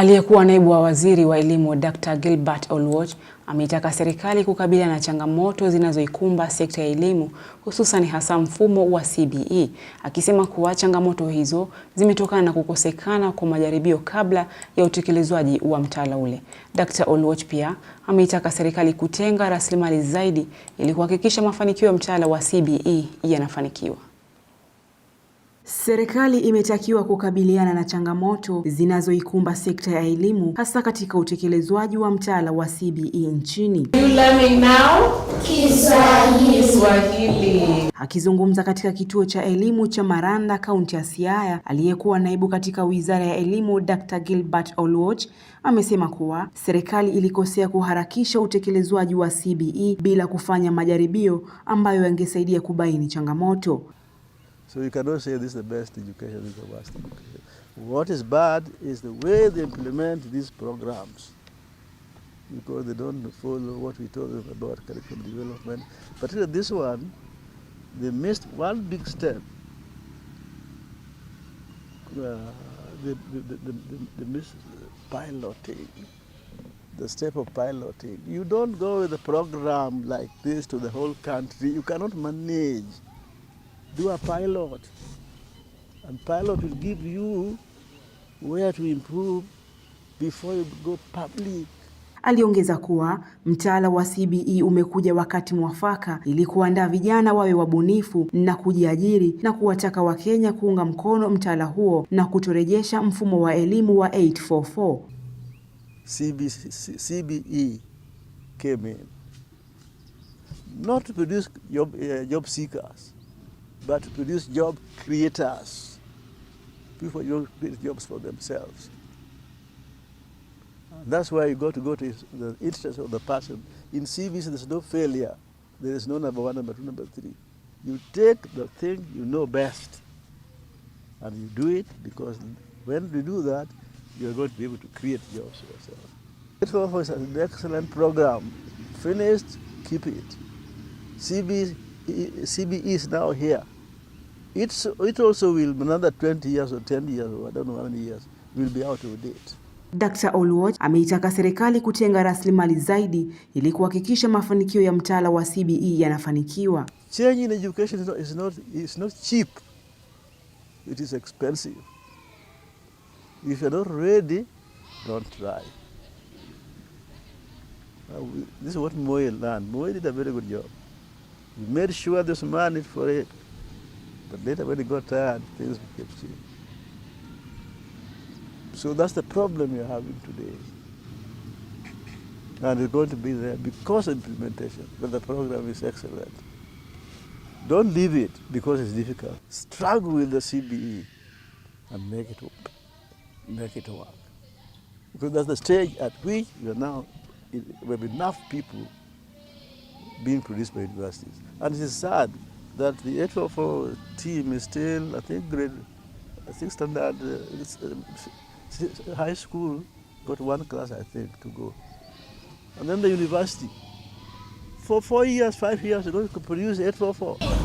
Aliyekuwa naibu wa waziri wa elimu Dr. Gilbert Oluoch ameitaka serikali kukabiliana na changamoto zinazoikumba sekta ya elimu hususan hasa mfumo wa CBE, akisema kuwa changamoto hizo zimetokana na kukosekana kwa majaribio kabla ya utekelezwaji wa mtaala ule. Dr. Oluoch pia ameitaka serikali kutenga rasilimali zaidi ili kuhakikisha mafanikio ya mtaala wa CBE yanafanikiwa. Serikali imetakiwa kukabiliana na changamoto zinazoikumba sekta ya elimu hasa katika utekelezwaji wa mtaala wa CBE nchini. Akizungumza katika kituo cha elimu cha Maranda, kaunti ya Siaya, aliyekuwa naibu katika wizara ya elimu Dr. Gilbert Oluoch amesema kuwa serikali ilikosea kuharakisha utekelezwaji wa CBE bila kufanya majaribio ambayo yangesaidia kubaini changamoto. So you cannot say this is the best education, this is the worst education. What is bad is the way they implement these programs because they don't follow what we told them about curriculum development. But this one, they missed one big step. Uh, they, they, they, they missed piloting, the step of piloting. You don't go with a program like this to the whole country. You cannot manage do a pilot and pilot will give you where to improve before you go public. Aliongeza kuwa mtaala wa CBE umekuja wakati mwafaka ili kuandaa vijana wawe wabunifu na kujiajiri na kuwataka Wakenya kuunga mkono mtaala huo na kutorejesha mfumo wa elimu wa 844. CBE, CBE came in. Not to produce job, uh, job seekers. but to produce job creators. People don't create jobs for themselves. That's why you got to go to the interest of the person. In CVs, there's no failure. There is no number one, number two, number three. You take the thing you know best and you do it because when you do that, you're going to be able to create jobs yourself. It offers an excellent program. Finished, keep it. CB, CBE is now here. It's, it also will another 20 years or 10 years or I don't know how many years will be out of date. Dr. Oluoch ameitaka serikali kutenga rasilimali zaidi ili kuhakikisha mafanikio ya mtaala wa CBE yanafanikiwa. Change in education is not, is not, is not cheap. It is expensive. If you're not ready, don't try. This is what Moi learned. Moi did a very good job. He made sure this money for it. But later, when he got tired, things became serious. So that's the problem you're having today. And it's going to be there because implementation, but the program is excellent. Don't leave it because it's difficult. Struggle with the CBE and make it work. Make it work. Because that's the stage at which we are now, we have enough people being produced by universities. And it is sad that the 844 team is still, I think, grade, I think standard, uh, high school got one class, I think, to go. And then the university. For four years, five years, you know, not produce 844.